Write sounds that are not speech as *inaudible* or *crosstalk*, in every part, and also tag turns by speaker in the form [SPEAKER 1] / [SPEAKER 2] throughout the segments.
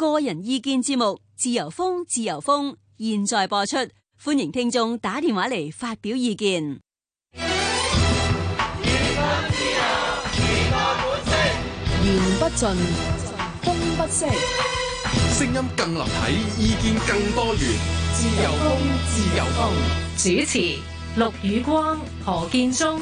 [SPEAKER 1] 個人意見節目，自由風，自由風，現在播出，歡迎聽眾打電話嚟發表意見。言不盡，風
[SPEAKER 2] 不息，
[SPEAKER 3] 聲音更立體，意見更多元。自由風，自由
[SPEAKER 1] 風，主持陸宇光、何建中。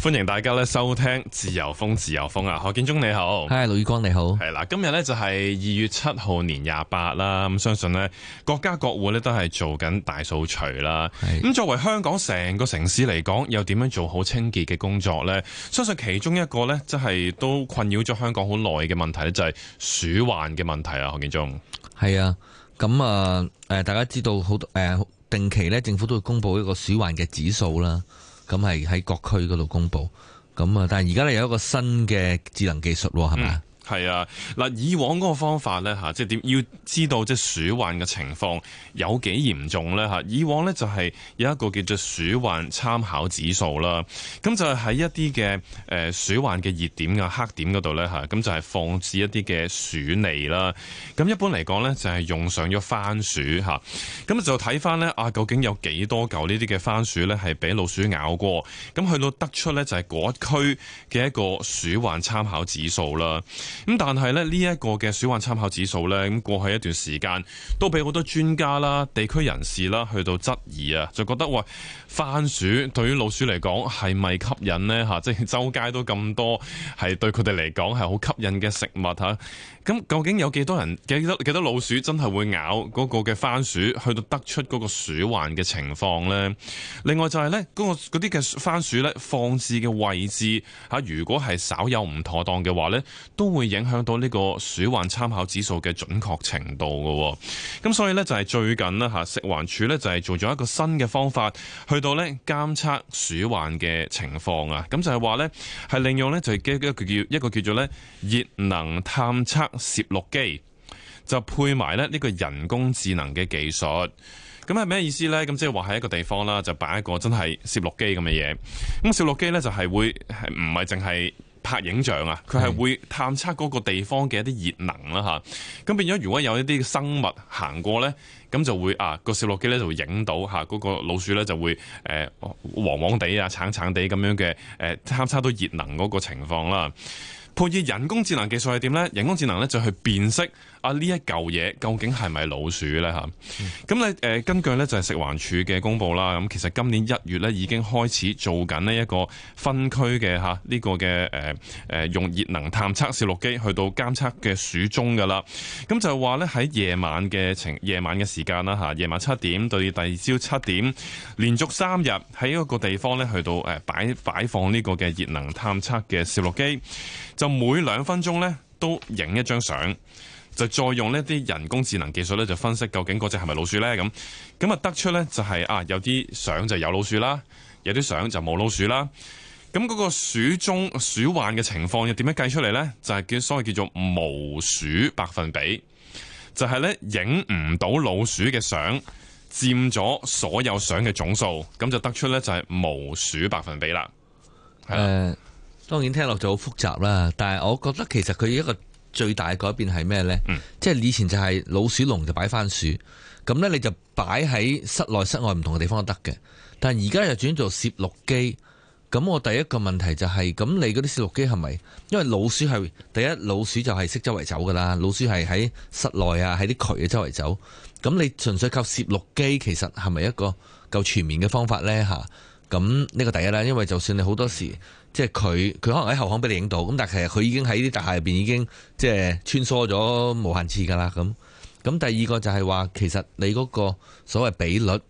[SPEAKER 3] 歡迎大家咧收聽自由風，自由風啊！何建宗你好，嗨，盧宇光你好，係啦。今日咧就係二月七號年廿八啦，咁相信咧各家各戶咧都係做緊大掃除啦。咁的作為香港成個城市嚟講，又點樣做好清潔嘅工作呢？相信其中一個呢，即係都困擾咗香港好耐嘅問題咧，就係鼠患嘅問題啊！何建宗係啊，咁啊，誒、呃，大家知道好多
[SPEAKER 4] 誒，定期咧政府都會公布一個鼠患嘅指數啦。咁係喺各區嗰度公布，咁啊！但係而家咧有一個新嘅智能技術喎，
[SPEAKER 3] 係咪？係啊，嗱，以往嗰個方法咧，即係點要知道即係鼠患嘅情況有幾嚴重咧，以往咧，就係有一個叫做鼠患參考指數啦，咁就係喺一啲嘅、呃、鼠患嘅熱點啊、黑點嗰度咧，咁就係放置一啲嘅鼠餌啦。咁一般嚟講咧，就係用上咗番薯，咁就睇翻咧啊，究竟有幾多嚿呢啲嘅番薯咧係俾老鼠咬過？咁去到得出咧，就係嗰區嘅一個鼠患參考指數啦。咁但係咧呢一個嘅鼠患參考指數呢，咁過去一段時間都俾好多專家啦、地區人士啦去到質疑啊，就覺得喂，番薯對於老鼠嚟講係咪吸引呢？嚇、就是，即係周街都咁多，係對佢哋嚟講係好吸引嘅食物嚇。咁究竟有幾多人、幾多幾多老鼠真係會咬嗰個嘅番薯，去到得出嗰個鼠患嘅情況呢？另外就係、是那個、呢，嗰啲嘅番薯呢放置嘅位置嚇，如果係稍有唔妥當嘅話呢，都會影響到呢個鼠患參考指數嘅準確程度嘅。咁所以呢，就係、是、最近啦嚇，食環署呢，就係做咗一個新嘅方法去。去到咧，監測鼠患嘅情況啊，咁就係話咧，係利用咧，就係一個叫一個叫做咧熱能探測攝錄機，就配埋咧呢個人工智能嘅技術。咁係咩意思咧？咁即係話喺一個地方啦，就擺一個真係攝錄機咁嘅嘢。咁攝錄機咧就係、是、會係唔係淨係拍影像啊？佢係會探測嗰個地方嘅一啲熱能啦吓。咁、啊、變咗，如果有一啲生物行過咧。咁就會啊、個攝錄機咧就會影到嗰、啊個老鼠咧就會誒、呃、黃黃地啊橙橙地咁樣嘅誒參差到熱能嗰個情況啦。配以人工智能技術係點咧？人工智能咧就係、去辨識。啊！呢一嚿嘢究竟係咪老鼠呢？吓咁，咧？誒，根據呢就係、是、食環署嘅公布啦。咁其實今年一月呢已經開始做緊呢一個分區嘅吓呢個嘅誒誒，用熱能探測攝錄機去到監測嘅鼠蹤噶啦。咁就話呢，喺夜晚嘅情夜晚嘅時間啦吓，夜晚七、啊、點到第二朝七點，連續三日喺一個地方呢去到誒擺擺放呢個嘅熱能探測嘅攝錄機，就每兩分鐘呢都影一張相。就再用呢啲人工智能技術咧，就分析究竟嗰隻係咪老鼠呢？咁咁啊，得出呢，就係啊，有啲相就有老鼠啦，有啲相就冇老鼠啦。咁、那、嗰個鼠中鼠患嘅情況又點樣計出嚟呢？就係、是、叫所謂叫做無鼠百分比，就係呢，影唔到老鼠嘅相佔咗所有相嘅總數，咁就得出呢，就係無鼠百分比啦。
[SPEAKER 4] 誒、呃、當然聽落就好複雜啦，但係我覺得其實佢一個。最大嘅改變係咩呢？嗯、即係以前就係老鼠籠就擺番薯咁呢，你就擺喺室內、室外唔同嘅地方都得嘅。但係而家又轉做攝錄機咁，咁我第一個問題就係、是、咁，咁你嗰啲攝錄機係咪因為老鼠係第一老鼠就係識周圍走㗎啦？老鼠係喺室內啊，喺啲渠嘅周圍走咁，咁你純粹靠攝錄機其實係咪一個夠全面嘅方法呢？吓。咁呢個第一啦，因為就算你好多時即係佢佢可能喺後巷俾你影到，咁但係其實佢已經喺啲大廈入邊已經即係穿梭咗無限次噶啦。咁咁第二個就係話，其實你嗰個所謂比率誒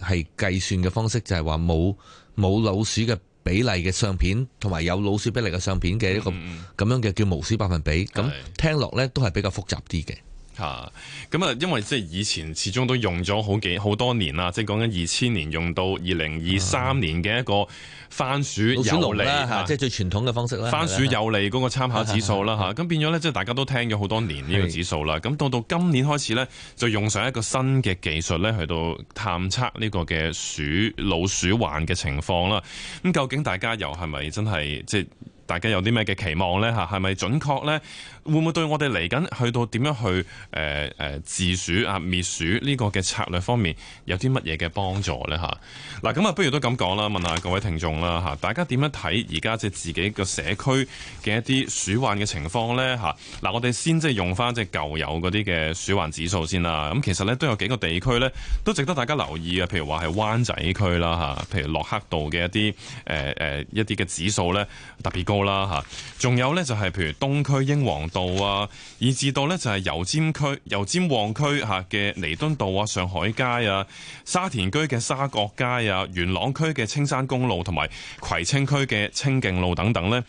[SPEAKER 4] 係計算嘅方式就，就係話冇冇老鼠嘅比例嘅相片，同埋有老鼠比例嘅相片嘅一個咁樣嘅叫無鼠百分比。咁、嗯、聽落咧都係比較複雜啲嘅。
[SPEAKER 3] 啊，咁啊、嗯，因為即係以前始終都用咗好幾好多年啦，即係講緊二千年用到二零二三年嘅一個番薯誘餌，啊、即係
[SPEAKER 4] 最傳統嘅方式啦。番薯誘餌
[SPEAKER 3] 嗰個參考指數啦嚇，咁吧、啊、變咗咧，即係大家都聽咗好多年呢個指數啦。咁到的到今年開始咧，就用上一個新嘅技術咧，去到探測呢個嘅鼠老鼠患嘅情況啦。咁、嗯、究竟大家又係咪真係即係？大家有啲咩嘅期望咧？吓，係咪準確咧？會唔會對我哋嚟緊去到點樣去誒誒治鼠啊滅鼠呢個嘅策略方面有啲乜嘢嘅幫助咧？吓，嗱咁啊，不如都咁講啦，問下各位聽眾啦吓，大家點樣睇而家即係自己個社區嘅一啲鼠患嘅情況咧？吓、啊，嗱我哋先即係用翻即係舊有嗰啲嘅鼠患指數先啦。咁其實咧都有幾個地區咧都值得大家留意啊，譬如話係灣仔區啦吓，譬如洛克道嘅一啲誒誒一啲嘅指數咧特別高。啦嚇，仲有呢，就係譬如東區英皇道啊，以至到呢，就係油尖區、油尖旺區嚇嘅彌敦道啊、上海街啊、沙田區嘅沙角街啊、元朗區嘅青山公路同埋葵青區嘅清境路等等呢。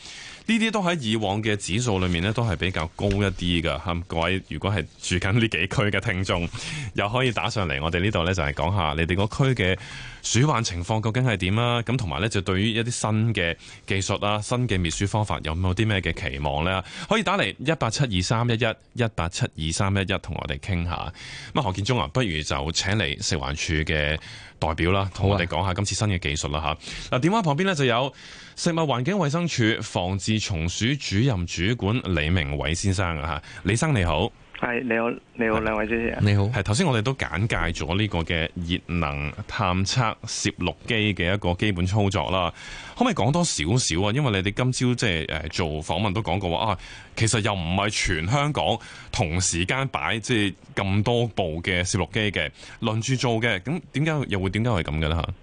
[SPEAKER 3] 呢啲都喺以往嘅指數裏面咧，都係比較高一啲㗎。各位如果係住緊呢幾區嘅聽眾，又可以打上嚟我哋呢度呢就係講下你哋個區嘅鼠患情況究竟係點啦。咁同埋呢，就對於一啲新嘅技術啊、新嘅滅鼠方法，有冇啲咩嘅期望呢？可以打嚟一八七二三一一一八七二三一一，同我哋傾下。咁何建中啊，不如就請嚟食環處嘅。代表啦，同我哋講下今次新嘅技術啦吓，嗱，電話旁邊咧就有食物環境衛生署防治蟲鼠主任主管李明偉先生吓，李生你好。
[SPEAKER 1] 係你好，你好兩位主持人，你
[SPEAKER 3] 好。係頭先我哋都簡介咗呢個嘅熱能探測攝錄機嘅一個基本操作啦。可唔可以講多少少啊？因為你哋今朝即係誒做訪問都講過話啊，其實又唔係全香港同時間擺即係咁多部嘅攝錄機嘅，輪住做嘅。咁點解又會點解係咁嘅啦吓？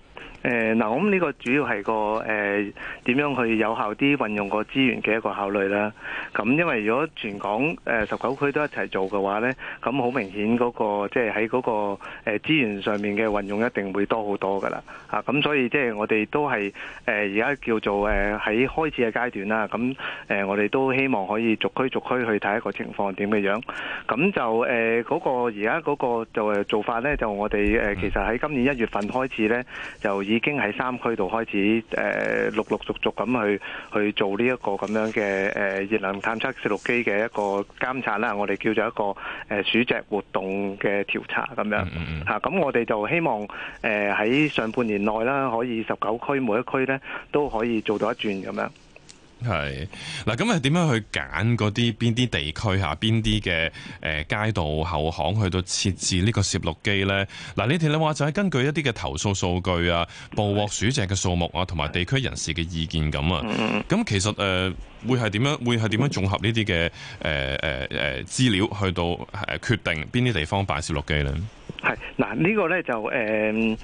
[SPEAKER 1] 誒，嗱、嗯，我咁呢個主要係個誒，點、呃、樣去有效啲運用個資源嘅一個考慮啦。咁、嗯、因為如果全港誒十九區都一齊做嘅話咧，咁、嗯、好明顯嗰、那個即係喺嗰個誒資源上面嘅運用一定會多好多噶啦。啊，咁、嗯、所以即係我哋都係誒而家叫做誒喺、呃、開始嘅階段啦。咁、嗯、誒、呃，我哋都希望可以逐區逐區去睇一個情況點嘅樣。咁、嗯、就誒嗰、呃那個而家嗰個就誒做法咧，就我哋誒、呃、其實喺今年一月份開始咧就以。已經喺三區度開始，呃、陸陸續續咁去去做呢一個咁樣嘅誒、呃，熱能探測攝錄機嘅一個監察啦、啊。我哋叫做一個誒，鼠、呃、隻活動嘅調查咁樣吓。咁、啊、我哋就希望誒喺、呃、上半年內啦，可以十九區每一區呢都可以做到一轉咁樣。
[SPEAKER 3] 係嗱，咁啊，點樣去揀嗰啲邊啲地區吓，邊啲嘅誒街道後巷去到設置這個攝錄機呢個攝錄機咧？嗱、呃，你哋你話就係根據一啲嘅投訴數據啊、捕獲鼠隻嘅數目啊，同埋地區人士嘅意見咁啊。咁的其實誒、呃，會係點樣？會係點樣綜合呢啲嘅誒誒誒資料去到誒、呃、決定邊啲地方擺攝錄機咧？
[SPEAKER 1] 係嗱，這個、呢個咧就誒。呃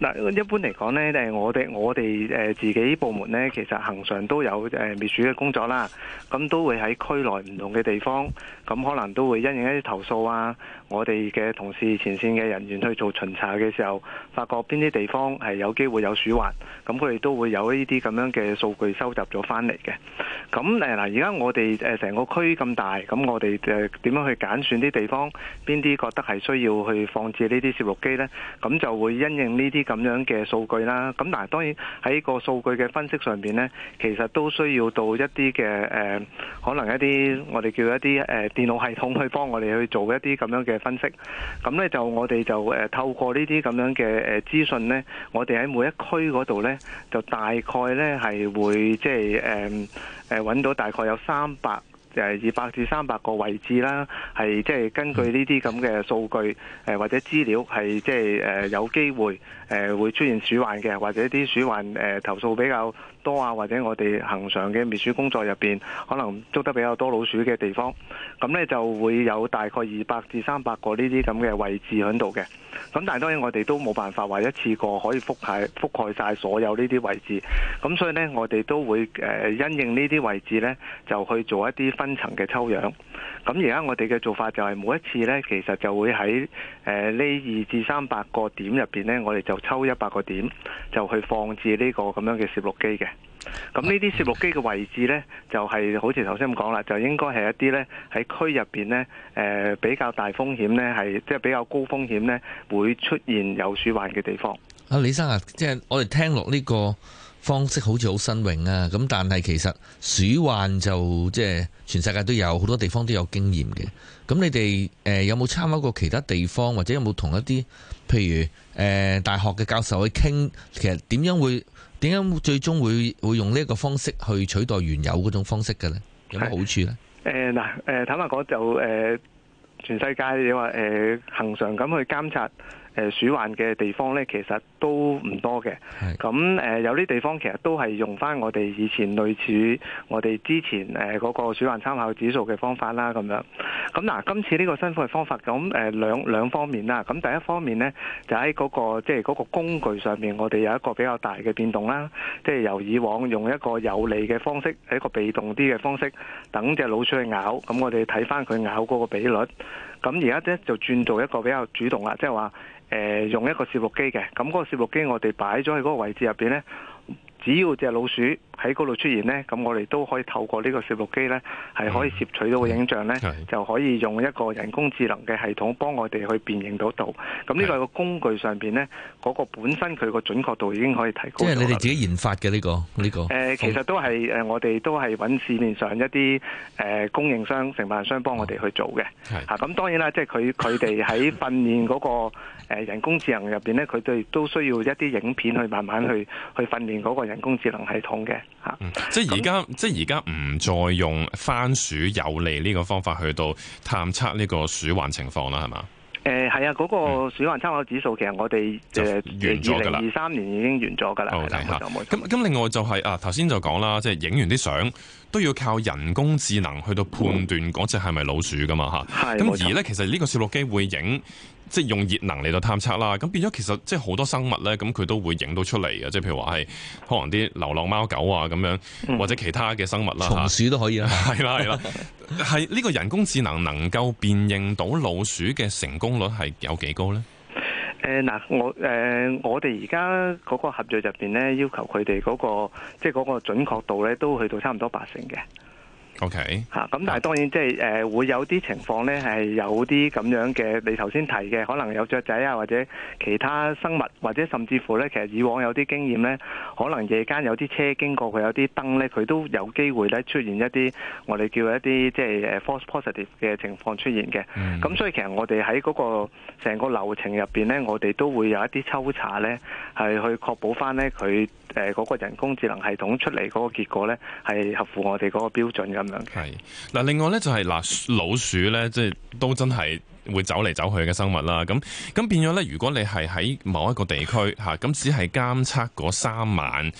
[SPEAKER 1] 嗱，一般嚟講咧，誒，我哋我哋誒自己部門咧，其實恆常都有誒滅鼠嘅工作啦，咁都會喺區內唔同嘅地方，咁可能都會因應一啲投訴啊。我哋嘅同事、前線嘅人員去做巡查嘅時候，發覺邊啲地方係有機會有鼠患，咁佢哋都會有呢啲咁樣嘅數據收集咗翻嚟嘅。咁誒嗱，而家我哋誒成個區咁大，咁我哋誒點樣去揀選啲地方，邊啲覺得係需要去放置呢啲攝錄機咧？咁就會因應呢啲咁樣嘅數據啦。咁嗱，當然喺個數據嘅分析上邊咧，其實都需要到一啲嘅誒可能一啲我哋叫一啲誒電腦系統去幫我哋去做一啲咁樣嘅。嘅分析，咁呢，就我哋就誒透過呢啲咁樣嘅誒資訊咧，我哋喺每一區嗰度呢，就大概呢，係會即係誒誒揾到大概有三百誒二百至三百個位置啦，係即係根據呢啲咁嘅數據誒或者資料係即係誒有機會。誒會出現鼠患嘅，或者啲鼠患誒、呃、投訴比較多啊，或者我哋恒常嘅滅鼠工作入面可能捉得比較多老鼠嘅地方，咁呢就會有大概二百至三百個呢啲咁嘅位置喺度嘅。咁但係當然我哋都冇辦法話一次過可以覆蓋覆蓋晒所有呢啲位置。咁所以呢，我哋都會誒、呃、因應呢啲位置呢，就去做一啲分層嘅抽樣。咁而家我哋嘅做法就係每一次呢，其實就會喺。呢二至三百個點入邊呢，我哋就抽一百個點，就去放置呢個咁樣嘅攝錄機嘅。咁呢啲攝錄機嘅位置呢，就係好似頭先咁講啦，就應該係一啲呢喺區入邊呢比較大風險呢，係即係比較高風險呢會出現有鼠患嘅地方。
[SPEAKER 4] 啊，李生啊，即係我哋聽落呢個方式好似好新穎啊。咁但係其實鼠患就即係全世界都有好多地方都有經驗嘅。咁你哋誒有冇參考過其他地方，或者有冇同一啲，譬如誒大學嘅教授去傾，其實點樣會點樣最終會會用呢個方式去取代原有嗰種方式嘅呢？有乜好處呢？
[SPEAKER 1] 誒嗱，誒、呃、坦白講就誒全世界你話誒恒常咁去監察。誒鼠患嘅地方咧，其實都唔多嘅。咁誒的有啲地方其實都係用翻我哋以前類似我哋之前誒嗰個鼠患參考指數嘅方法啦，咁樣。咁嗱，今次呢個新嘅方法咁誒兩兩方面啦。咁第一方面咧，就喺嗰個即係嗰個工具上面，我哋有一個比較大嘅變動啦。即係由以往用一個有餌嘅方式，係一個被動啲嘅方式，等隻老鼠去咬。咁我哋睇翻佢咬嗰個比率。咁而家咧就轉做一個比較主動啦，即係話誒用一個攝錄機嘅，咁嗰個攝錄機我哋擺咗喺嗰個位置入邊咧，只要隻老鼠，喺嗰度出現咧，咁我哋都可以透過個呢個攝錄機咧，係可以攝取到個影像咧，嗯、就可以用一個人工智能嘅系統幫我哋去辨認到度，咁呢個個工具上邊咧，嗰、嗰個本身佢個準確度已經可以提高。即係你哋
[SPEAKER 4] 自己研發嘅呢、呢個呢、呢個誒、呃、其實
[SPEAKER 1] 都係誒、呃、我哋都係搵市面上一啲誒、呃、供應商、承辦商幫我哋去做嘅。吓咁當然啦，即係佢佢哋喺訓練嗰個人工智能入邊咧，佢哋 *laughs* 都需要一啲影片去慢慢去去訓練嗰個人工智能系統嘅。
[SPEAKER 3] 吓、嗯，即係而家，嗯、即係而家唔再用番薯誘餌呢個方法去到探測呢個鼠患情況啦，係嘛？
[SPEAKER 1] 誒、呃，係啊，嗰、那個鼠患參考指數、嗯、其實我哋、呃、就完咗噶啦，二三年已經完咗噶啦，咁
[SPEAKER 3] 咁，另外就係、是、啊，頭先就講啦，即係影完啲相都要靠人工智能去到判斷嗰隻係咪老鼠噶嘛吓，咁而咧，其實呢個攝錄機會影。即係用熱能嚟到探測啦，咁變咗其實即係好多生物咧，咁佢都會影到出嚟嘅，即係譬如話係可能啲流浪貓狗啊咁樣，或者其他嘅生物啦嚇。松鼠都可以啦，係啦係啦，係呢 *laughs* 個人工智能能夠辨認到老鼠嘅成功率係有幾高咧？
[SPEAKER 1] 誒嗱、呃，我誒、呃、我哋而家嗰個合約入邊咧，要求佢哋嗰個即係嗰個準確度咧，都去到差唔多八成嘅。O.K. 吓，咁但係當然即係誒會有啲情況咧，係有啲咁樣嘅。你頭先提嘅，可能有雀仔啊，或者其他生物，或者甚至乎咧，其實以往有啲經驗咧，可能夜間有啲車經過，佢有啲燈咧，佢都有機會咧出現一啲我哋叫一啲即係誒 false positive 嘅情況出現嘅。咁、嗯、所以其實我哋喺個成個流程入邊咧，我哋都會有一啲抽查咧，係去確保翻咧，佢誒個人工智能系統出嚟個結果咧係合乎我哋個標準嘅。係，
[SPEAKER 3] 嗱 Okay. 另外呢，就係嗱老鼠呢，即係都真係會走嚟走去嘅生物啦。咁咁變咗呢，如果你係喺某一個地區嚇，咁 Okay. 只係監測嗰三晚。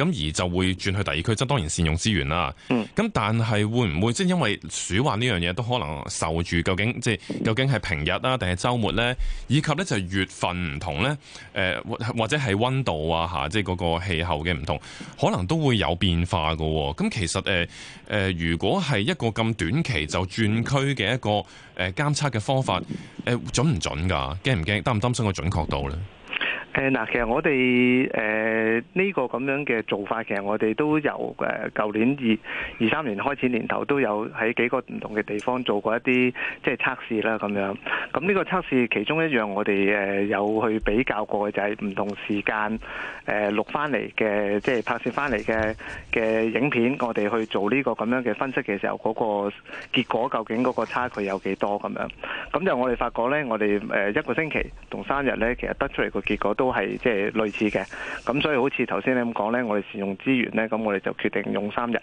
[SPEAKER 3] 咁而就會轉去第二區，即當然善用資源啦。咁但係會唔會即係因為鼠患呢樣嘢都可能受住，究竟即係究竟係平日啊，定係週末咧，以及咧就係月份唔同咧，誒、呃、或者係溫度啊嚇、啊，即係嗰個氣候嘅唔同，可能都會有變化嘅。咁、啊、其實誒誒、呃呃，如果係一個咁短期就轉區嘅一個誒、呃、監測嘅方法，誒、呃、準唔準㗎？驚唔驚？擔唔擔心個準確度咧？
[SPEAKER 1] 誒，嗱、呃，其實我哋誒呢個咁樣嘅做法，其實我哋都由誒舊年二二三年開始年頭都有喺幾個唔同嘅地方做過一啲即係測試啦，咁樣。咁呢個測試其中一樣我哋誒、呃、有去比較過嘅就係、是、唔同時間誒錄翻嚟嘅即係拍攝翻嚟嘅嘅影片，我哋去做呢個咁樣嘅分析嘅時候，嗰、那個結果究竟嗰個差距有幾多咁樣？咁就我哋發覺咧，我哋誒一個星期同三日咧，其實得出嚟個結果。都係即係類似嘅，咁所以好似頭先你咁講呢，我哋善用資源呢，咁我哋就決定用三日。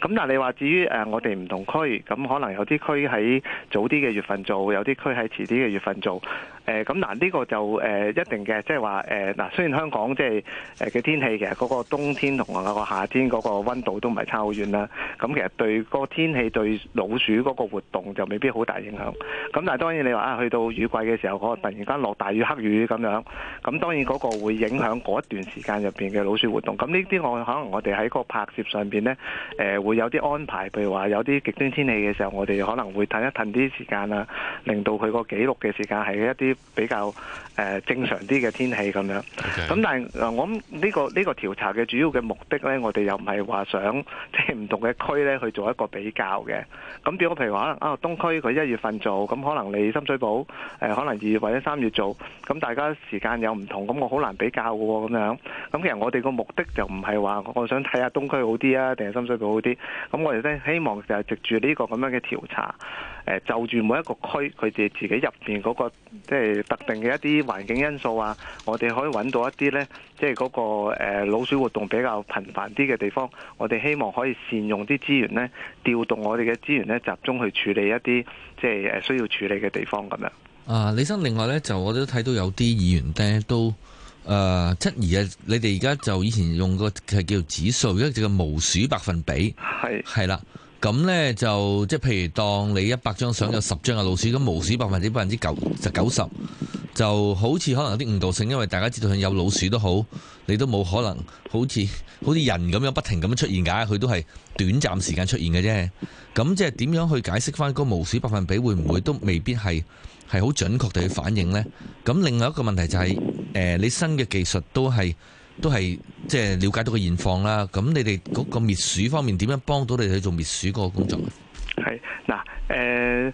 [SPEAKER 1] 咁但係你話至於誒、呃、我哋唔同區，咁可能有啲區喺早啲嘅月份做，有啲區喺遲啲嘅月份做。誒咁嗱，呢、嗯這個就誒、呃、一定嘅，即係話誒嗱，雖然香港即係嘅、呃、天氣，其實嗰個冬天同埋個夏天嗰個温度都唔係差好遠啦。咁其實對個個天氣對老鼠嗰個活動就未必好大影響。咁但係當然你話啊，去到雨季嘅時候，嗰、那個突然間落大雨、黑雨咁樣，咁當然嗰個會影響嗰一段時間入面嘅老鼠活動。咁呢啲我可能我哋喺個拍攝上面呢，誒、呃、會有啲安排，譬如話有啲極端天氣嘅時候，我哋可能會褪一褪啲時間啊，令到佢個記錄嘅時間係一啲。比較誒、呃、正常啲嘅天氣咁樣，咁 Okay. 但係我諗呢、呢個呢、呢個調查嘅主要嘅目的咧，我哋又唔係話想即係唔同嘅區咧去做一個比較嘅。咁，比如譬如話，啊東區佢一月份做，咁可能你深水埗誒、呃、可能二月或者三月做，咁大家時間有唔同，咁我好難比較嘅喎、哦，咁樣。咁其實我哋個目的就唔係話我想睇下東區好啲啊，定係深水埗好啲。咁我哋咧希望就係藉住呢個咁樣嘅調查。就住每一個區，佢哋自己入邊嗰個即係特定嘅一啲環境因素啊，我哋可以揾到一啲呢，即係嗰個老鼠活動比較頻繁啲嘅地方，我哋希望可以善用啲資源呢，調動我哋嘅資源呢，集中去處理一啲即係需要處理嘅地方咁樣。
[SPEAKER 4] 啊，李生，另外呢，就我都睇到有啲議員呢，都、呃、誒質疑啊，你哋而家就以前用個嘅叫指數，一個叫無鼠百分比，係係啦。咁呢，就即係譬如當你一百張相有十張嘅老鼠，咁無鼠百分之百分之九就九十，就好似可能有啲誤導性，因為大家知道有老鼠都好，你都冇可能好似好似人咁樣不停咁樣出現㗎，佢都係短暫時間出現嘅啫。咁即係點樣去解釋翻個無鼠百分比會唔會都未必係係好準確地去反映呢？咁另外一個問題就係、是呃、你新嘅技術都係。都係即係了解到個現況啦，咁你哋嗰個滅鼠方面點樣幫到你哋去做滅鼠嗰個工作？
[SPEAKER 1] 係嗱，誒、呃，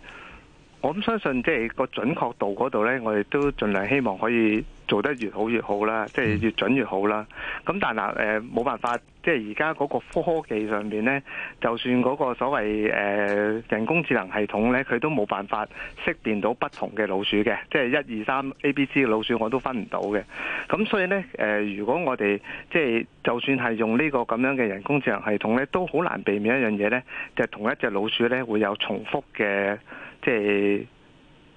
[SPEAKER 1] 我咁相信即係個準確度嗰度咧，我哋都盡量希望可以。做得越好越好啦，即係越準越好啦。咁、嗯、但嗱誒冇辦法，即係而家嗰個科技上面咧，就算嗰個所謂誒、呃、人工智能系統咧，佢都冇辦法識別到不同嘅老鼠嘅，即係一二三 ABC 老鼠我都分唔到嘅。咁所以咧誒、呃、如果我哋即係就算係用呢個咁樣嘅人工智能系統咧，都好難避免一樣嘢咧，就係、是、同一隻老鼠咧會有重複嘅即係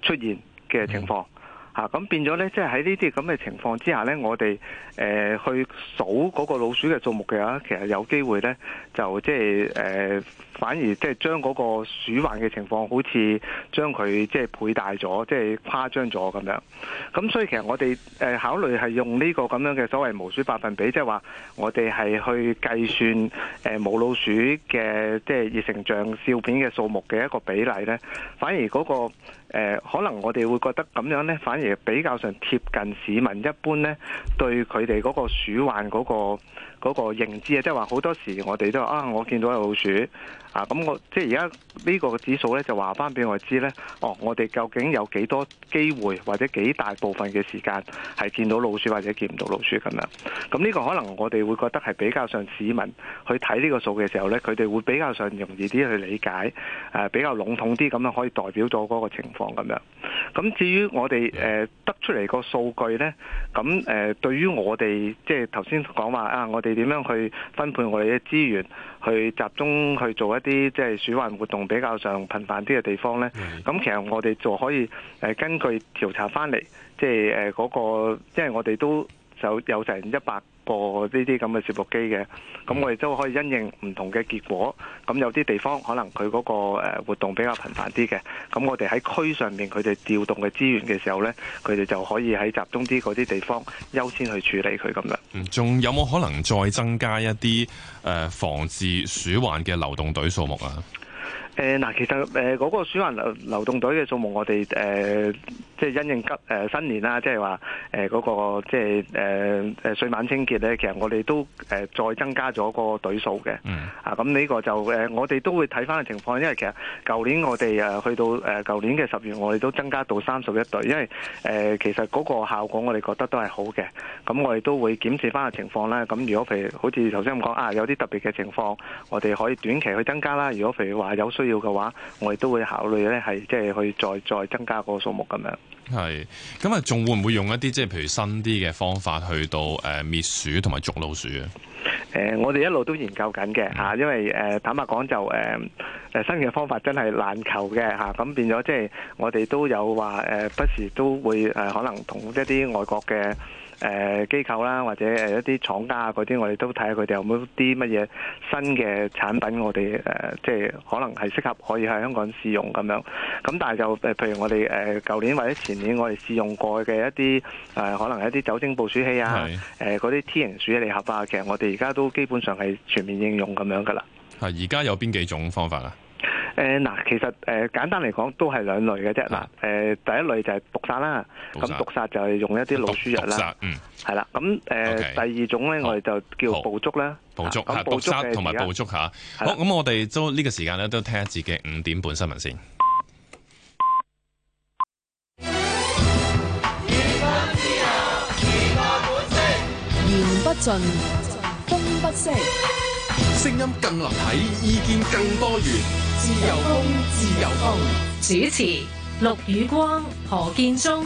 [SPEAKER 1] 出現嘅情況。嗯咁、啊、變咗咧，即係喺呢啲咁嘅情況之下咧，我哋誒、呃、去數嗰個老鼠嘅數目嘅話，其實有機會咧就即係誒反而即係將嗰個鼠患嘅情況，好似將佢即係倍大咗，即、就、係、是、誇張咗咁樣。咁所以其實我哋考慮係用呢個咁樣嘅所謂無鼠百分比，即係話我哋係去計算誒冇、呃、老鼠嘅即係熱成像照片嘅數目嘅一個比例咧，反而嗰、那個。呃，可能我哋會覺得咁樣呢，反而比較上貼近市民一般呢，對佢哋嗰個鼠患嗰、嗰個。嗰個認知啊，即係話好多時我，我哋都啊，我見到有老鼠啊，咁我即係而家呢個指數呢，就話翻俾我知呢。哦、啊，我哋究竟有幾多機會，或者幾大部分嘅時間係見到老鼠，或者見唔到老鼠咁樣？咁呢個可能我哋會覺得係比較上市民去睇呢個數嘅時候呢，佢哋會比較上容易啲去理解，誒、啊、比較籠統啲咁樣可以代表咗嗰個情況咁樣。咁至於我哋誒、呃、得出嚟個數據呢，咁誒、呃、對於我哋即係頭先講話啊，我哋點樣去分配我哋嘅資源，去集中去做一啲即係鼠患活動比較上頻繁啲嘅地方咧？咁其實我哋就可以誒，根據調查翻嚟，即係誒嗰個，因為我哋都就有成一百。播呢啲咁嘅攝錄機嘅，咁我哋都可以因應唔同嘅結果。咁有啲地方可能佢嗰個誒活動比較頻繁啲嘅，咁我哋喺區上面佢哋調動嘅資源嘅時候咧，佢哋就可以喺集中啲嗰啲地方
[SPEAKER 3] 優先去處理佢咁樣。仲有冇可能再增加一啲誒、呃、防治鼠患嘅流動隊數目啊？
[SPEAKER 1] 誒，嗱、呃，其實誒，嗰、呃那個鼠患流流動隊嘅數目，我哋誒、呃，即係因應急誒、呃、新年啦、就是呃那個，即係話誒嗰個即係誒誒歲晚清潔咧，其實我哋都誒、呃、再增加咗嗰個隊數嘅。Mm. 啊，咁呢個就誒、呃，我哋都會睇翻個情況，因為其實舊年我哋誒去到誒舊年嘅十月，我哋都增加到三十一隊，因為誒、呃、其實嗰個效果我哋覺得都係好嘅。咁我哋都會檢視翻個情況啦。咁如果譬如好似頭先咁講，啊有啲特別嘅情況，我哋可以短期去增加啦。如果譬如話有需要嘅話，我哋都會考慮咧，係即係去再再增加個數目咁樣。
[SPEAKER 3] 係，咁啊，仲會唔會用一啲即係譬如新啲嘅方法去到誒滅鼠同埋捉老鼠啊？
[SPEAKER 1] 誒、呃，我哋一路都研究緊嘅吓，因為誒、呃，坦白講就誒誒、呃、新嘅方法真係難求嘅吓，咁、啊、變咗即係我哋都有話誒、呃，不時都會誒、呃、可能同一啲外國嘅。誒、呃、機構啦，或者一啲廠家啊，嗰啲我哋都睇下佢哋有冇啲乜嘢新嘅產品我，我、呃、哋即係可能係適合可以喺香港試用咁樣。咁但係就譬如我哋誒舊年或者前年我哋試用過嘅一啲誒、呃，可能係一啲酒精部署器啊，嗰啲 T 型鼠餌盒啊，其實我哋而家都基本上係全面應用咁樣
[SPEAKER 3] 噶啦。係而家有邊幾種方法啊？
[SPEAKER 1] 誒，嗱，其實誒，簡單嚟講都係兩類嘅啫。嗱，誒，第一類就係毒殺啦，咁毒殺就係用一啲老鼠藥啦，係啦。咁誒，第二種咧，我哋就叫捕捉啦，捕捉吓毒殺同埋捕
[SPEAKER 3] 捉下。好，咁我哋都呢個時間咧都聽一節嘅五點半新聞先。
[SPEAKER 2] 言不盡，風不息，
[SPEAKER 3] 聲音更立體，意見更多元。自由風，自由風。
[SPEAKER 1] 主持：陸宇光、何建中。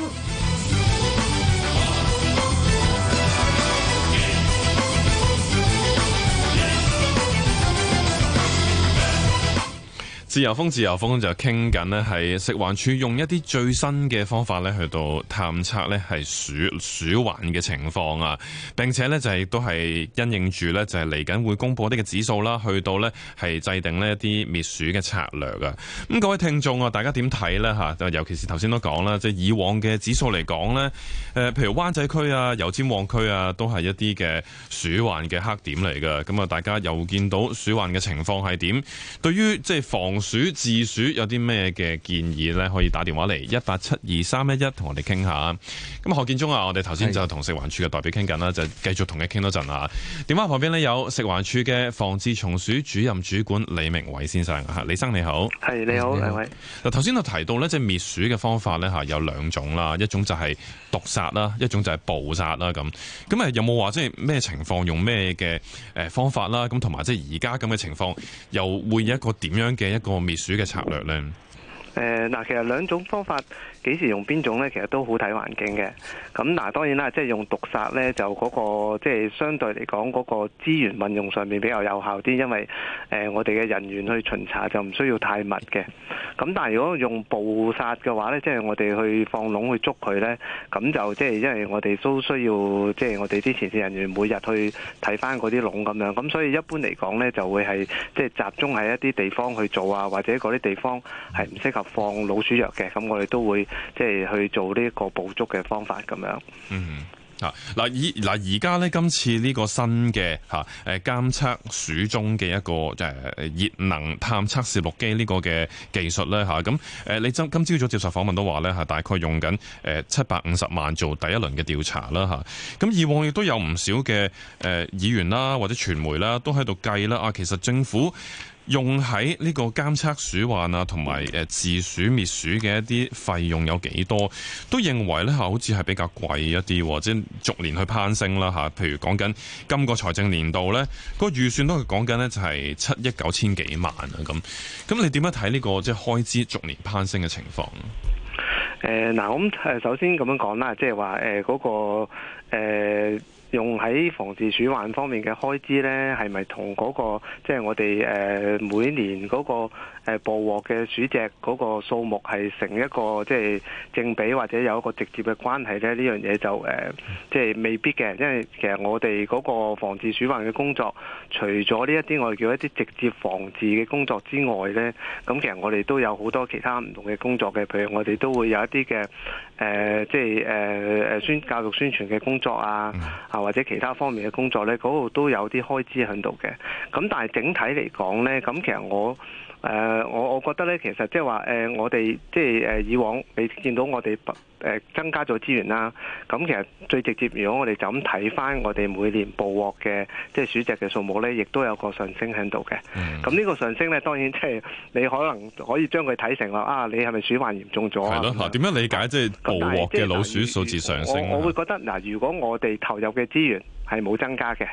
[SPEAKER 3] 自由風，自由風就傾緊呢喺食環署用一啲最新嘅方法呢去到探測呢係鼠鼠患嘅情況啊。並且呢，就係亦都係因應住呢就係嚟緊會公布啲嘅指數啦，去到呢，係制定呢一啲滅鼠嘅策略噶。咁各位聽眾啊，大家點睇呢？吓，尤其是頭先都講啦，即係以往嘅指數嚟講呢，誒，譬如灣仔區啊、油尖旺區啊，都係一啲嘅鼠患嘅黑點嚟㗎。咁啊，大家又見到鼠患嘅情況係點？對於即係防鼠治鼠有啲咩嘅建議咧可以打電話嚟，一八七二三一一同我哋傾下。咁何建中啊，我哋頭先就同食環處嘅代表傾緊啦，的就繼續同佢傾多陣啊。電話旁邊呢，有食環處嘅防治蟲鼠主任主管李明偉先生吓，李生你好，係你好，李偉好。嗱，的，頭先就提到呢即係滅鼠嘅方法呢，吓，有兩種啦，一種就係毒殺啦，一種就係捕殺啦咁。咁啊，有冇話即係咩情況用咩嘅誒方法啦？咁同埋即係而家咁嘅情況，又會有一個點樣嘅一個？滅鼠嘅策略呢。
[SPEAKER 1] 誒嗱，其實兩種方法幾時用邊種呢？其實都好睇環境嘅。咁嗱，當然啦，即係用毒殺呢，就嗰個，即係相對嚟講嗰個資源運用上面比較有效啲，因為誒我哋嘅人員去巡查就唔需要太密嘅。咁但係如果用捕殺嘅話呢，即係我哋去放籠去捉佢呢，咁就即係因為我哋都需要即係我哋啲前線人員每日去睇返嗰啲籠咁樣。咁所以一般嚟講呢，就會係即係集中喺一啲地方去做啊，或者嗰啲地方係唔適合，放老鼠藥嘅，咁我哋都會即係去做呢一個補足嘅方法咁樣。
[SPEAKER 3] 嗯，啊，嗱，以嗱而家呢，今次呢個新嘅嚇，誒、啊、監測鼠蹤嘅一個誒、啊、熱能探測攝錄機呢個嘅技術咧，嚇、啊，咁誒，你今今朝早接受訪問都話咧，嚇、啊，大概用緊誒七百五十萬做第一輪嘅調查啦，嚇、啊，咁以往亦都有唔少嘅誒、啊、議員啦，或者傳媒啦，都喺度計啦，啊，其實政府用喺呢個監測鼠患啊，同埋自鼠滅鼠嘅一啲費用有幾多？都認為呢，好似係比較貴一啲，即係逐年去攀升啦吓，譬如講緊今個財政年度呢、個預算都係講緊呢，就係七億九千幾萬啊咁。咁你點樣睇呢個即係開支逐年攀升嘅情況？
[SPEAKER 1] 嗱、呃，我咁首先咁樣講啦，即係話誒嗰個、呃用喺防治鼠患方面嘅開支咧，係咪同嗰個即係、就是，我哋誒每年嗰、那個誒捕獲嘅鼠隻嗰個數目係成一個即係正比或者有一個直接嘅關係咧，呢樣嘢就誒即係未必嘅，因為其實我哋嗰個防治鼠患嘅工作，除咗呢一啲我哋叫一啲直接防治嘅工作之外咧，咁其實我哋都有好多其他唔同嘅工作嘅，譬如我哋都會有一啲嘅誒即係誒誒宣教育宣傳嘅工作啊，啊或者其他方面嘅工作咧，嗰度都有啲開支喺度嘅。咁但係整體嚟講咧，咁其實我。呃、我我覺得咧，其實即係話誒，我哋即係以往你見到我哋、呃、增加咗資源啦。咁其實最直接，如果我哋就咁睇翻我哋每年捕獲嘅即係鼠隻嘅數目咧，亦都有個上升喺度嘅。咁呢、嗯、個上升咧，當然即係你可能可以將佢睇成啦，啊，你係咪鼠患嚴
[SPEAKER 3] 重咗啊？係咯，點樣理解即係捕獲嘅老鼠數字上升、即係、我，我，我
[SPEAKER 1] 會覺得嗱、呃，如果我哋投入嘅資源係冇增加嘅，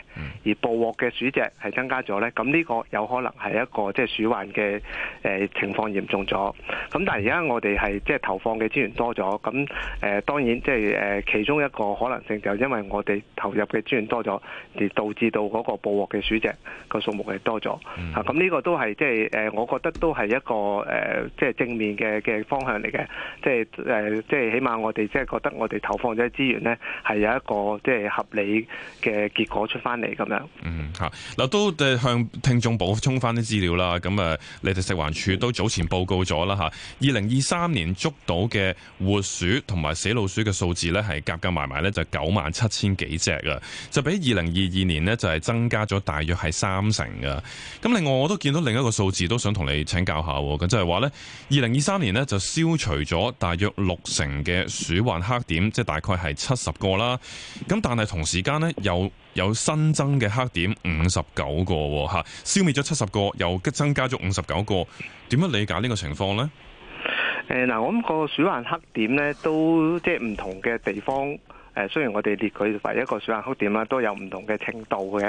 [SPEAKER 1] 而捕獲嘅鼠隻係增加咗呢。咁呢個有可能係一個即係鼠患嘅誒情況嚴重咗。咁但係而家我哋係即係投放嘅資源多咗。咁誒、呃、當然即係誒其中一個可能性就是因為我哋投入嘅資源多咗，而導致到嗰個捕獲嘅鼠隻個數目係多咗。嚇咁呢個都係即係誒，我覺得都係一個誒，即、呃、係、就是、正面嘅嘅方向嚟嘅。即係誒，即、呃、係、就是、起碼我哋即係覺得我哋投放咗資源呢係有一個即係、就是、合理。嘅結果出翻嚟咁樣，
[SPEAKER 3] 嗯吓嗱、嗯嗯、都向聽眾補充翻啲資料啦。咁誒，你哋食環署都早前報告咗啦嚇，二零二三年捉到嘅活鼠同埋死老鼠嘅數字呢，係夾夾埋埋呢，就九萬七千幾隻㗎。就比二零二二年呢，就係、是、增加咗大約係三成噶。咁另外我都見到另一個數字，都想同你請教下咁，即係話呢，二零二三年呢，就消除咗大約六成嘅鼠患黑點，即、就、係、是、大概係七十個啦。咁但係同時間呢。有有新增嘅黑點五十九個吓，消滅咗七十個，又激增加咗五十九個，點樣理解呢個情況咧？
[SPEAKER 1] 誒，嗱，我諗個鼠患黑點咧，都即係唔同嘅地方。誒雖然我哋列舉為一個鼠患黑點啦，都有唔同嘅程度嘅。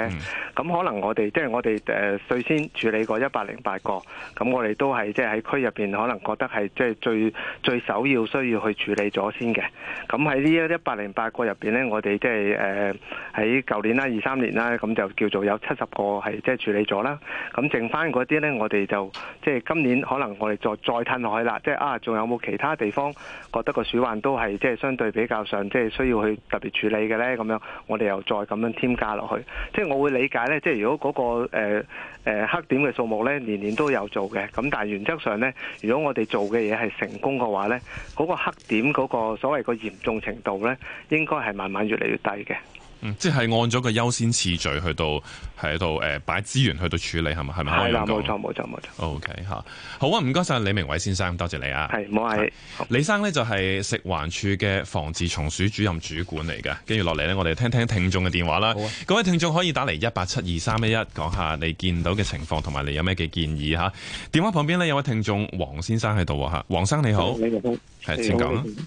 [SPEAKER 1] 咁可能我哋即係我哋誒最先處理過一百零八個，咁我哋都係即係喺區入面，可能覺得係即係最最首要需要去處理咗先嘅。咁喺呢一一百零八個入面咧，我哋即係喺舊年啦、二三年啦，咁就叫做有七十個係即係處理咗啦。咁剩翻嗰啲咧，我哋就即係今年可能我哋再再褪落去啦。即係啊，仲有冇其他地方覺得個鼠患都係即係相對比較上即係需要去。特別處理嘅呢，咁樣我哋又再咁樣添加落去，即係我會理解呢。即係如果嗰個呃呃黑點嘅數目呢，年年都有做嘅，咁但係原則上呢，如果我哋做嘅嘢係成功嘅話呢，嗰個黑點嗰個所謂個嚴重程度呢，應該係慢慢越嚟越低嘅。
[SPEAKER 3] 即係按咗個優先次序去到喺度，誒，擺、呃、資源去到處理係咪？係咪開係啦，冇錯的，冇錯，冇錯。OK 吓，好啊，唔該晒李明偉先生，多謝，謝你啊。係，冇係，是好李生呢就係、是、食環署嘅防治蟲鼠主任主管嚟嘅，跟住落嚟呢，我哋聽聽聽眾嘅電話啦。啊、各位聽眾可以打嚟一八七二三一一，講下你見到嘅情況同埋你有咩嘅建議吓。電話旁邊呢，有位聽眾黃先生喺度吓，黃生你好，你好，你好，係，請講。好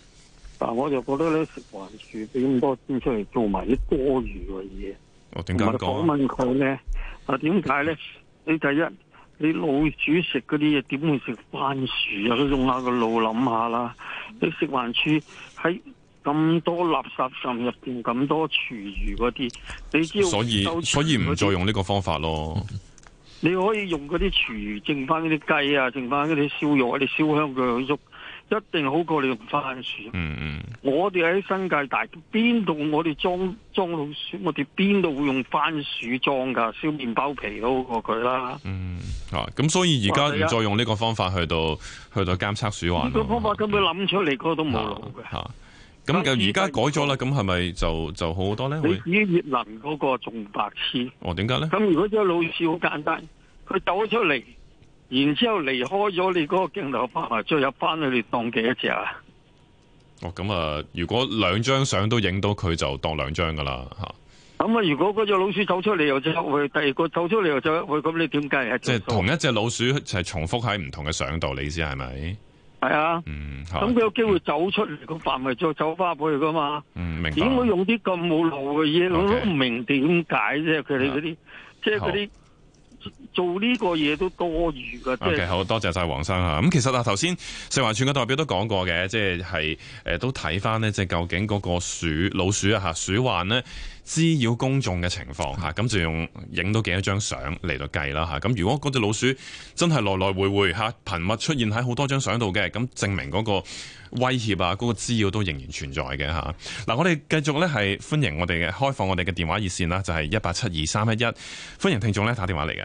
[SPEAKER 5] 但我就覺得咧，食環署俾咁多錢出嚟做埋啲多餘嘅
[SPEAKER 3] 嘢，我點解講？問
[SPEAKER 5] 佢咧，啊點解咧？你第一，你老鼠食嗰啲嘢點會食番薯啊？佢用下個腦諗下啦。嗯、你食環署喺咁多垃圾站入邊咁多廚餘嗰啲，你只要所以所以唔
[SPEAKER 3] 再用呢個方法咯。
[SPEAKER 5] 你可以用嗰啲廚餘剩翻啲雞啊，剩翻啲燒肉啊，你燒香佢。去喐。一定好過你用番薯。
[SPEAKER 2] 嗯
[SPEAKER 5] 嗯，我哋喺新界大邊度，哪我哋裝裝老鼠，我哋邊度會用番薯裝㗎？燒麵包皮都好過佢啦。嗯，
[SPEAKER 3] 咁、啊、所以而家唔再用呢個方法去到去到監測鼠患。呢個
[SPEAKER 5] 方法根本諗出嚟嗰都冇用
[SPEAKER 3] 嘅。吓、啊，咁、啊、就而家改咗啦。咁係咪就就好多咧？你
[SPEAKER 5] 依越南嗰個仲白痴。
[SPEAKER 3] 哦，點解咧？咁
[SPEAKER 5] 如果隻老鼠好簡單，佢走咗出嚟。然之後離開咗你嗰個鏡頭範圍，再入翻去你當幾多隻
[SPEAKER 3] 啊？哦，咁、嗯、啊，如果兩張相都影到佢，佢就當兩張噶啦吓。
[SPEAKER 5] 咁啊、嗯、嗯嗯、如果嗰隻老鼠走出嚟又再入去，第二個走出嚟又再入去，咁你點計啊？即係
[SPEAKER 3] 同一隻老鼠就係重複喺唔同嘅相度，你知係咪？係啊，嗯，咁佢、嗯、有
[SPEAKER 5] 機會走出嚟個範圍再走翻去噶嘛？嗯，
[SPEAKER 3] 明白。點會
[SPEAKER 5] 用啲咁冇腦嘅嘢？我都唔明點解啫。佢哋啲，嗯、即係嗰啲。做呢個嘢都多餘噶，即係 Okay,、
[SPEAKER 3] 就是、好多謝晒黃生嚇。咁、啊、其實啊，頭先食環署嘅代表的、就是啊、都講過嘅，即係係誒都睇翻呢，即、就、係、是、究竟嗰個鼠老鼠啊嚇鼠患呢滋擾公眾嘅情況嚇，咁、啊、就用影到幾多張相嚟到計啦嚇。咁、啊、如果嗰隻老鼠真係來來回回嚇、啊、頻密出現喺好多張相度嘅，咁、啊、證明嗰個威脅啊嗰、那個滋擾都仍然存在嘅嚇。嗱、啊啊，我哋繼續咧係歡迎我哋嘅開放我哋嘅電話熱線啦，就係一八七二三一一，歡迎聽眾咧打電話嚟嘅。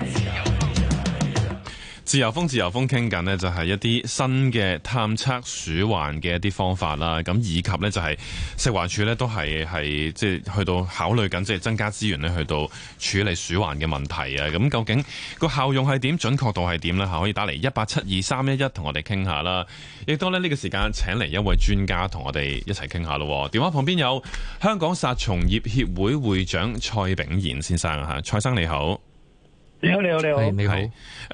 [SPEAKER 3] 自由風，自由風，傾緊呢，就係、是、一啲新嘅探測鼠患嘅一啲方法啦。咁以及呢，就係食環署呢，都係係即係去到考慮緊，即係增加資源呢，去到處理鼠患嘅問題啊。咁究竟個效用係點？準確度係點呢？可以打嚟一八七二三一一同我哋傾下啦。亦都呢個時間請嚟一位專家同我哋一齊傾下咯。電話旁邊有香港殺蟲業協會會,會長蔡炳然先生嚇，蔡生你好。你好，你好，你好，你好。誒，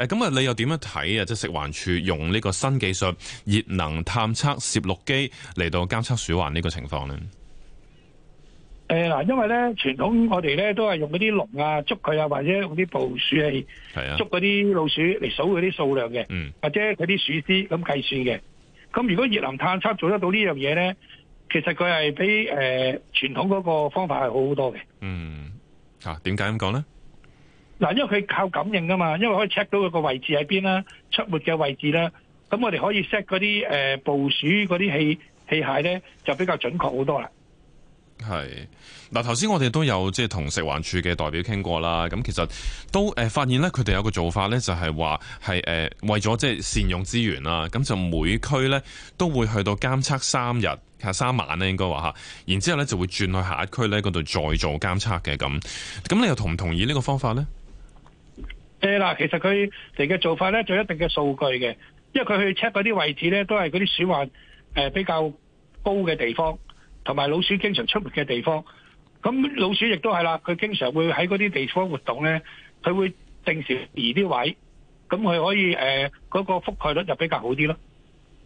[SPEAKER 3] 咁啊，你又點樣睇啊？即係食環署用呢個新技術熱能探測攝錄機嚟到監測鼠患呢個情況呢？
[SPEAKER 6] 誒，嗱，因為咧，傳統我哋咧都係用嗰啲籠啊，捉佢啊，或者用啲捕鼠器，捉嗰啲老鼠嚟數嗰啲數量嘅，啊、或者佢啲鼠絲咁計算嘅。咁、嗯、如果熱能探測做得到呢樣嘢咧，其實佢係比誒傳、呃、傳統嗰個方法係好好多嘅。嗯，
[SPEAKER 3] 吓、啊，點解咁講咧？
[SPEAKER 6] 嗱，因為佢靠感應㗎嘛，因為可以 check 到佢個位置喺邊啦，出沒嘅位置啦，咁我哋可以 set 嗰啲誒部署嗰啲器器械咧，就比較準確好多啦。
[SPEAKER 3] 係，嗱頭先我哋都有即係同食環署嘅代表傾過啦，咁其實都誒發現咧，佢哋有個個做法咧，就係話係誒為咗即係善用資源啦，咁就每區咧都會去到監測三日，三晚咧應該話嚇，然之後咧就會轉去下一區咧嗰度再做監測嘅咁。咁你又同唔同意呢個方法咧？
[SPEAKER 6] 誒嗱，其實佢哋嘅做法咧，就一定嘅數據嘅，因為佢去 check 嗰啲位置咧，都係嗰啲鼠患誒比較高嘅地方，同埋老鼠經常出沒嘅地方。咁老鼠亦都係啦，佢經常會喺嗰啲地方活動咧，佢會定時移啲位，咁佢可以誒嗰個覆蓋率就比較好啲咯。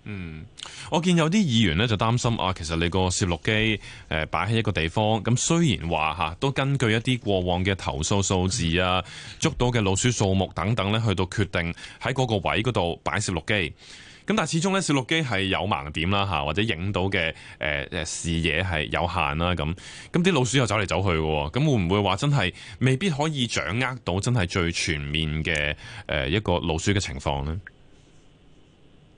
[SPEAKER 6] 嗯。
[SPEAKER 3] 我見有啲議員咧就擔心啊，其實你個攝錄機誒、呃、擺喺一個地方，咁雖然話嚇都根據一啲過往嘅投訴數字啊，捉到嘅老鼠數目等等咧，去到決定喺嗰個位嗰度擺攝錄機。咁但始終呢，攝錄機係有盲點啦嚇，或者影到嘅誒誒視野係有限啦咁。咁啲老鼠又走嚟走去喎，咁會唔會話真係未必可以掌握到真係最全面嘅誒、呃、一個老鼠嘅情況呢？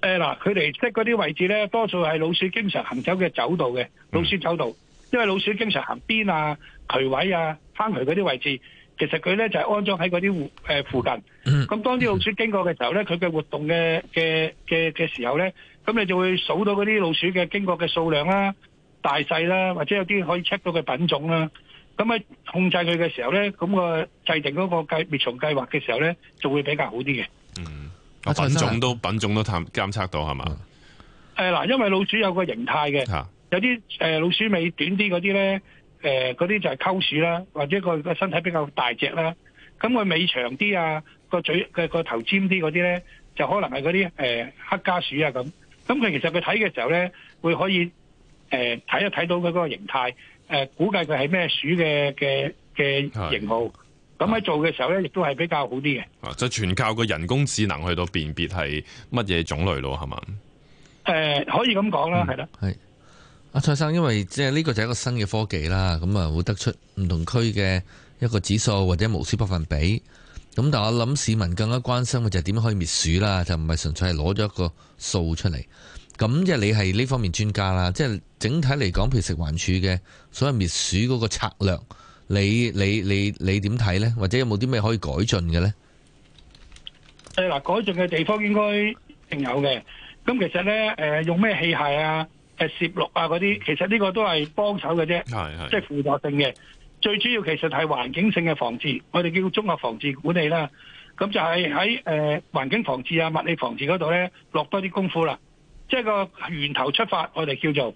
[SPEAKER 6] 誒，嗱，佢哋即係嗰啲位置咧，多數係老鼠經常行走嘅走道嘅，老鼠走道，嗯、因為老鼠經常行邊啊、渠位啊、坑渠嗰啲位置，其實佢咧就係、安裝喺嗰啲誒附近。咁、嗯、當啲老鼠經過嘅時候咧，佢嘅活動嘅嘅嘅嘅時候咧，咁你就會數到嗰啲老鼠嘅經過嘅數量啦、啊、大細啦、啊，或者有啲可以 check 到嘅品種啦。咁啊，控制佢嘅時候咧，咁、咁個制定嗰個計滅蟲計劃嘅時候咧，就會比較好啲嘅。嗯
[SPEAKER 3] 品種都、啊、品種都品種都探監測到係嘛？
[SPEAKER 6] 誒嗱，因為老鼠有個形態嘅，有啲誒、呃、老鼠尾短啲嗰啲咧，誒嗰啲就係溝鼠啦，或者個個身體比較大隻啦，咁佢尾長啲啊，個嘴個頭尖啲嗰啲咧，就可能係嗰啲誒黑家鼠啊咁。咁佢其實佢睇嘅時候咧，會可以誒睇、呃、一睇到佢嗰個形態，誒、呃、估計佢係咩鼠嘅嘅嘅型號。咁喺做嘅時候咧，亦都係比較
[SPEAKER 3] 好啲嘅。啊，就全靠個人工智能去到辨別係乜嘢種類咯，係嘛？誒、呃，可以咁講
[SPEAKER 6] 啦，
[SPEAKER 4] 係啦、嗯。係的，阿蔡生，因為即係呢個就係一個新嘅科技啦，咁啊會得出唔同區嘅一個指數或者無鼠百分比。咁但係我諗市民更加關心嘅就係點可以滅鼠啦，就唔係純粹係攞咗一個數出嚟。咁即係你係呢方面專家啦，即係整體嚟講，譬如食環署嘅所謂滅鼠嗰個策略。你你你你點睇咧？或者有冇啲咩可以改進嘅咧？
[SPEAKER 6] 誒，嗱，改進嘅地方應該仲有嘅。咁其實咧，誒，用咩器械啊、誒，攝錄啊嗰啲，其實呢個都係幫手嘅啫，係
[SPEAKER 2] 係，即係
[SPEAKER 6] 輔助性嘅。最主要其實係環境性嘅防治，我哋叫綜合防治管理啦。咁就係喺誒環境防治啊、物理防治嗰度咧，落多啲功夫啦。即係個源頭出發，我哋叫做。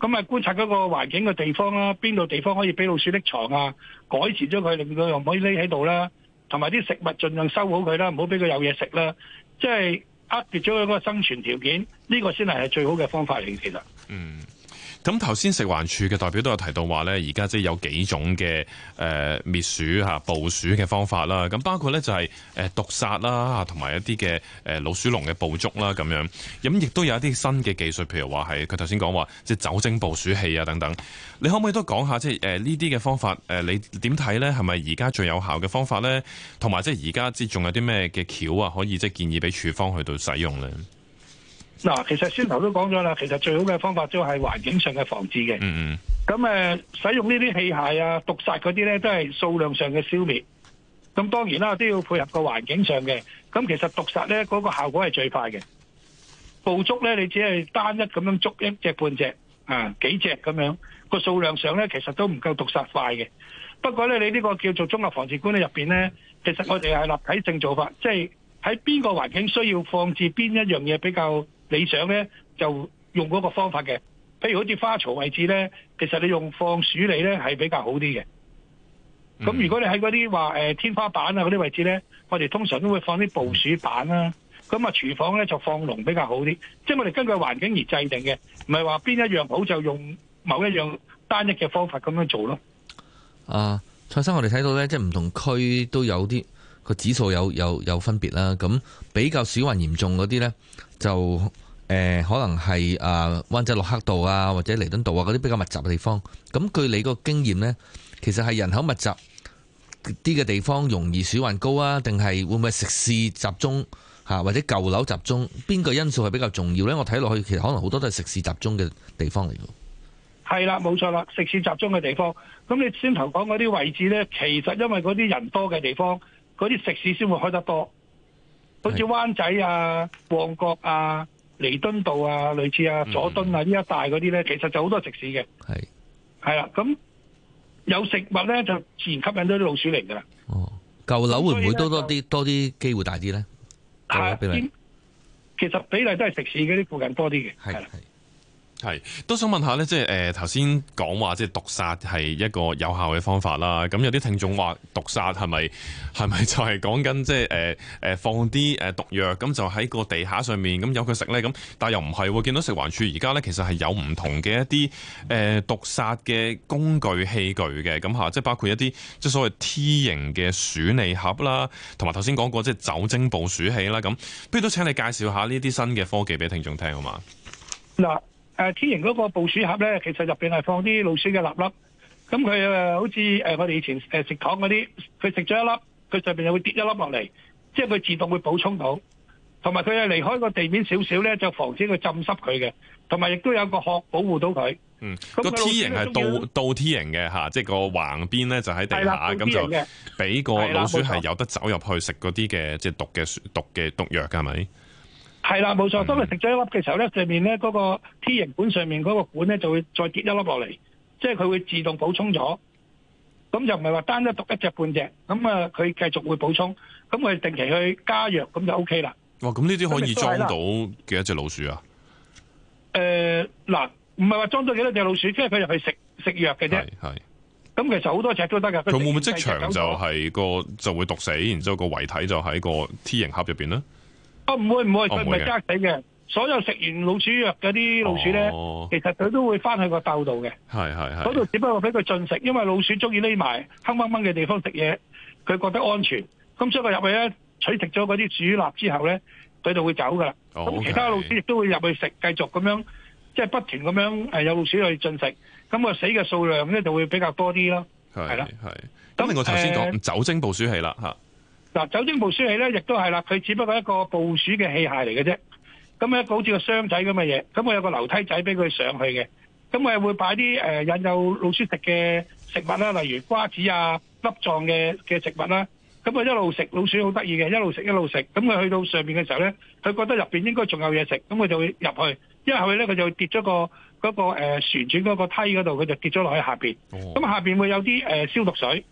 [SPEAKER 6] 咁啊，觀察嗰個環境嘅地方啦，邊度地方可以俾老鼠匿藏啊？改善咗佢，令佢又唔可以匿喺度啦。同埋啲食物盡量收好佢啦，唔好俾佢有嘢食啦。即係扼絕咗佢嗰個生存條件，呢個先係係最好嘅方法嚟，其實。嗯。
[SPEAKER 3] 咁頭先食環署嘅代表都有提到話咧，而家即係有幾種嘅、呃、滅鼠嚇捕鼠嘅方法啦。咁包括咧就係毒殺啦，同埋一啲嘅老鼠籠嘅捕捉啦咁樣。咁亦都有一啲新嘅技術，譬如話係佢頭先講話即係酒精捕鼠器啊等等。你可唔可以都講下即係呢啲嘅方法你點睇咧？係咪而家最有效嘅方法咧？同埋即係而家之仲有啲咩嘅橋啊？可以即係建議俾署方去到使用咧？
[SPEAKER 6] 嗱，其實先頭都講咗啦，其實最好嘅方法都係環境上嘅防治嘅。咁、mm hmm. 使用呢啲器械啊、毒殺嗰啲咧，都係數量上嘅消滅。咁當然啦，都要配合個環境上嘅。咁其實毒殺咧，嗰、嗰個效果係最快嘅。捕捉咧，你只係單一咁樣捉一隻半隻啊，幾隻咁樣、個數量上咧，其實都唔夠毒殺快嘅。不過咧，你呢個叫做綜合防治觀咧，入面咧，其實我哋係立體性做法，即係喺邊個環境需要放置邊一樣嘢比較。理想咧就用嗰個方法嘅，譬如好似花槽位置咧，其實你用放鼠籠咧係比較好啲嘅。咁如果你喺嗰啲話誒天花板啊嗰啲位置咧，我哋通常都會放啲捕鼠板啦、啊。咁啊廚房咧就放籠比較好啲，即係我哋根據環境而制定嘅，唔係話邊一樣好就用某一樣單一嘅方法咁樣做咯。
[SPEAKER 4] 啊，蔡生我，我哋睇到咧即係唔同區都有啲。個指數有有有分別啦，咁比較鼠患嚴重嗰啲呢，就誒、呃、可能係啊灣仔駱克道啊或者彌敦道啊嗰啲比較密集嘅地方。咁據你個經驗呢，其實係人口密集啲嘅地方容易鼠患高啊？定係會唔會食肆集中吓或者舊樓集中邊個因素係比較重要呢？我睇落去其實可能好多都係食肆集中嘅地方嚟嘅。係啦，冇錯
[SPEAKER 6] 啦，食肆集中嘅地方。咁你先頭講嗰啲位置呢，其實因為嗰啲人多嘅地方。嗰啲食肆先會開得多，好似灣仔啊、旺角啊、彌敦道啊、類似啊、佐敦啊呢一帶嗰啲咧，嗯、其實就好多食肆嘅。係係啦，咁有食物咧就自然吸引到啲老鼠嚟㗎啦。哦，
[SPEAKER 4] 舊樓會唔會多啲多啲
[SPEAKER 3] 機會大啲咧？啊、比例
[SPEAKER 6] 其實比例都係食肆嗰啲附近多啲嘅。
[SPEAKER 2] 係的。
[SPEAKER 3] 係，都想問下咧，即係誒頭先講話，呃、說說即係毒殺係一個有效嘅方法啦。咁有啲聽眾話毒殺係咪係咪就係講緊即係誒、呃、放啲毒藥咁就喺個地下上面咁有佢食咧咁，但又唔係會見到食環署而家咧，其實係有唔同嘅一啲誒、呃、毒殺嘅工具器具嘅咁嚇，即係包括一啲即係所謂 T 型嘅鼠餌盒啦，同埋頭先講過即係酒精捕鼠器啦。咁不如都請你介紹下呢啲新嘅科技俾聽眾聽，好嘛
[SPEAKER 6] 嗱。誒、uh, T 型嗰個捕鼠盒咧，其實入面係放啲老鼠嘅粒粒，咁佢好似、呃、我哋以前、呃、食糖嗰啲，佢食咗一粒，佢上面又會跌一粒落嚟，即係佢自動會補充到，同埋佢係離開個地面少少咧，就防止佢浸濕佢嘅，同埋亦都有，有個殼保護到佢。
[SPEAKER 3] 嗯，個 T 型係倒倒，倒，倒 T 型嘅嚇，即係個橫邊咧就喺地下，咁就俾個老鼠係有得走入去食嗰啲嘅即係毒嘅毒嘅毒,毒藥嘅係咪？是。
[SPEAKER 6] 係啦，冇錯。當佢食咗一粒嘅時候咧，上面咧嗰個 T 形管，上面嗰個管咧就會再跌一粒落嚟，即係佢會自動補充咗。咁就唔係話單一毒一隻半隻，咁啊佢繼續會補充。咁佢定期去加藥，咁就 OK 啦。
[SPEAKER 3] 哇，咁呢啲可以裝到幾多隻老鼠啊？
[SPEAKER 6] 誒、嗯，嗱，唔係話裝到幾多隻老鼠，即係佢入去食食藥嘅啫。係咁其實好多隻都得噶。佢會唔會即場就
[SPEAKER 3] 係個就會毒死，然之後個遺體就喺個 T 形盒入邊咧。
[SPEAKER 6] 我唔會唔會，佢唔係齋死嘅。所有食完老鼠藥嗰啲老鼠咧，哦、其實佢都會翻去個竇度嘅。
[SPEAKER 3] 係係係。嗰
[SPEAKER 6] 度只不過俾佢進食，因為老鼠中意匿埋黑掹掹嘅地方食嘢，佢覺得安全。咁所以佢入去咧取食咗嗰啲鼠粒之後咧，佢就會走噶啦。咁、哦、其他老鼠亦都會入去食，繼續咁樣即係、就是、不停咁樣誒有老鼠去進食。咁個死嘅數量咧就會比較多啲咯。
[SPEAKER 3] 係啦係。咁你我頭先講酒精捕鼠器啦嚇。
[SPEAKER 6] 嗱，酒精捕鼠器咧，亦都係啦，佢只不過一個捕鼠嘅器械嚟嘅啫。咁啊，好似個箱仔咁嘅嘢，咁我有個樓梯仔俾佢上去嘅。咁啊，會擺啲誒引誘老鼠食嘅食物啦，例如瓜子啊、粒狀嘅嘅食物啦。咁佢一路食老鼠好得意嘅，一路食一路食。咁佢去到上面嘅時候咧，佢覺得入邊應該仲有嘢食，咁佢就會入去。因為佢咧，佢就，嗰個嗰個呃、就跌咗個嗰個旋轉嗰個梯嗰度，佢就跌咗落去下邊。咁下邊會有啲、呃、消毒水。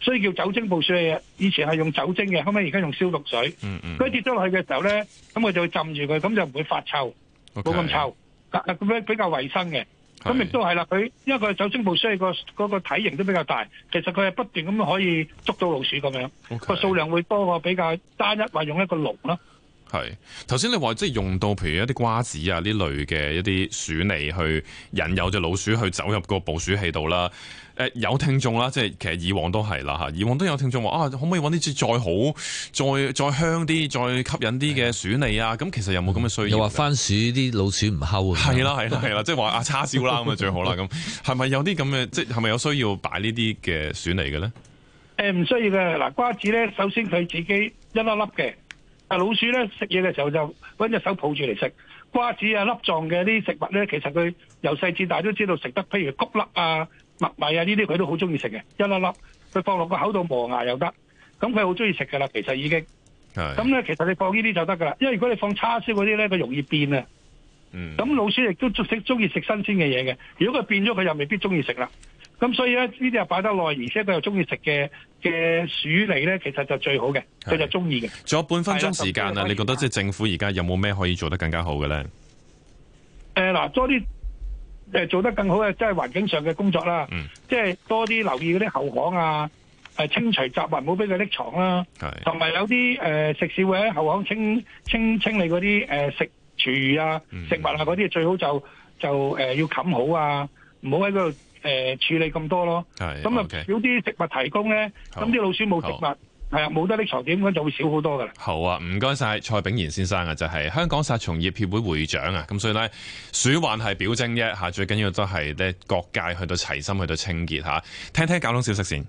[SPEAKER 6] 所以叫酒精捕鼠器，以前係用酒精嘅，後尾而家用消毒水。佢跌咗落去嘅時候咧，咁佢就會浸住佢，咁就唔會發臭，冇咁 Okay. 臭，咁咧比較衞生嘅。咁亦是都係啦，佢因為佢酒精捕鼠器個嗰體型都比較大，其實佢係不斷咁可以捉到老鼠咁樣，個 Okay. 數量會多過比較單一或用一個籠啦。
[SPEAKER 3] 係，頭先你話即係用到譬如一啲瓜子啊，呢類嘅一啲鼠餌去引誘隻老鼠去走入個捕鼠器度啦。誒、呃，有聽眾啦，即係其實以往都係啦吓，以往都有聽眾話啊，可唔可以搵啲即再好、再再香啲、再吸引啲嘅鼠餌啊？咁對 其實有冇咁嘅需要、嗯？又話番薯啲老鼠唔摳啊？係、啊啊啊啊、啦，係啦，係啦，即係話啊叉燒啦咁啊最好啦咁。係咪 *laughs* 有啲咁嘅？即係係咪有需要擺呢啲嘅鼠餌嘅咧？誒，唔
[SPEAKER 6] 需要嘅。嗱，瓜子咧，首先佢自己一粒粒嘅。啊老鼠咧食嘢嘅時候就揾隻手抱住嚟食瓜子啊粒狀嘅啲食物咧，其實佢由細至大都知道食得，譬如谷粒啊、麥米啊呢啲，佢都好中意食嘅一粒粒，佢放落個口度磨牙又得，咁佢好中意食噶啦，其實已經。咁咧是，其實你放呢啲就得噶啦，因為如果你放叉燒嗰啲咧，佢容易變啊。嗯。咁老鼠亦都中中意食新鮮嘅嘢嘅，如果佢變咗，佢又未必中意食啦。咁所以咧，呢啲又擺得耐，而且佢又中意食嘅嘅鼠脷咧，其實就最好嘅，佢是就中意嘅。
[SPEAKER 3] 仲有半分鐘時間啦，你覺得即係政府而家有冇咩可以做得更加好嘅咧？
[SPEAKER 6] 誒嗱、呃，多啲、呃、做得更好嘅，即、就、係、是、環境上嘅工作啦。嗯、即係多啲留意嗰啲後巷啊、呃，清除雜物，唔好俾佢匿藏啦。同埋是有啲誒、呃、食肆會喺後巷清清清理嗰啲誒食廚餘啊、嗯、食物啊嗰啲，最好就就、呃、要冚好啊，唔好喺嗰度。誒處理咁多咯，咁啊少啲食物提供咧，咁啲好老鼠冇食物，係啊冇得匿巢點，咁就會少好多
[SPEAKER 3] 噶啦。好啊，唔該晒蔡炳然先生啊，就係、是、香港殺蟲業協會,會會長啊，咁所以咧鼠患係表徵啫嚇，最緊要都係咧各界去到齊心去到清潔嚇、啊，聽聽交通消息先。